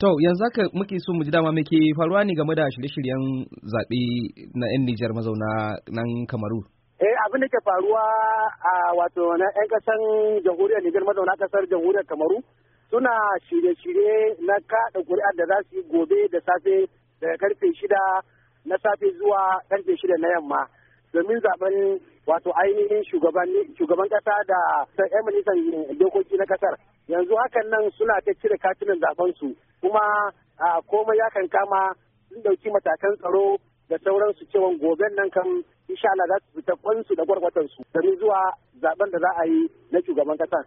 To yanzu haka muke so mu ji dama muke faruwa ne game da shirye-shiryen zaɓe na 'yan Nijar mazauna nan Kamaru. Eh abin da ke faruwa a wato na 'yan ƙasan jamhuriyar Nijar mazauna ƙasar jamhuriyar Kamaru suna shirye-shirye na kaɗa ƙuri'ar da za su yi gobe da safe daga karfe shida na safe zuwa karfe shida na yamma domin zaɓen wato ainihin shugaban ƙasa da 'yan ministan dokoki na ƙasar yanzu hakan nan suna ta cire katunan zaɓen su kuma komai ya kan kama sun dauki matakan tsaro da sauransu cewa goben nan kan insha Allah za su fita kwansu da gwargwatansu domin zuwa zaben da za a yi na shugaban kasa.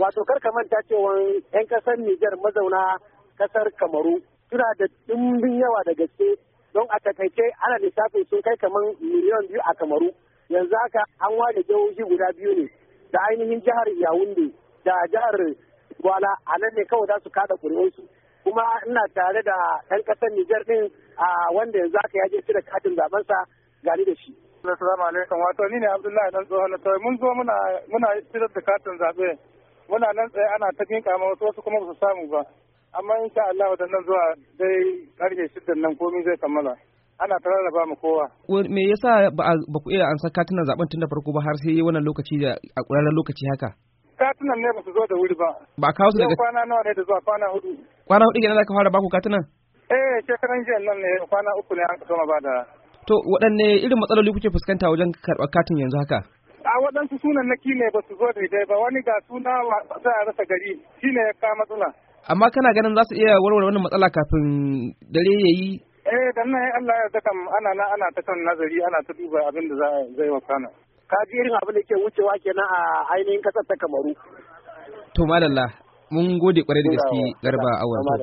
Wato karka manta cewa 'yan kasar Nijar mazauna kasar Kamaru suna da dimbin yawa da gaske don a takaice ana lissafin sun kai kamar miliyan biyu a Kamaru. Yanzu haka an ware jihohi guda biyu ne da ainihin jihar Yawunde da jihar Gwala a nan ne kawai za su kada kuri'unsu. kuma ina tare da ɗan ƙasar Nijar ɗin a wanda yanzu aka yaje shi da katin zabensa gani da shi. Assalamu alaikum wato ni ne Abdullahi dan tsohon na tsohon mun zo muna muna da katin zabe muna nan tsaye ana ta ginka ma wasu wasu kuma ba su samu ba amma in sha Allah wadannan zuwa dai ƙarfe shidda nan komai zai kammala. ana ta rarraba mu kowa. Me yasa ba ku iya ansa katunan zaben tun da farko ba har sai wannan lokaci da a lokaci haka? katunan ne ba su zo da wuri ba. Ba kawo su daga kwana nawa ne da zuwa kwana hudu. Kwana hudu kenan ka fara baku katunan? Eh shekaran jiya nan ne kwana uku ne an ka soma ba da. To waɗanne irin matsaloli kuke fuskanta wajen karɓar katin yanzu haka? A waɗansu sunan na ne ba su zo daidai ba wani ga suna za a rasa gari shi ne ya kawo matsala. Amma kana ganin za su iya warware wannan matsala kafin dare ya yi? Eh dan nan Allah ya zaka ana na ana ta kan nazari ana ta duba abin da za wa kwana. ka irin abin da ke wucewa kenan a ainihin kasar ta kamaru to malalla mun gode kwarai da gaske garba awal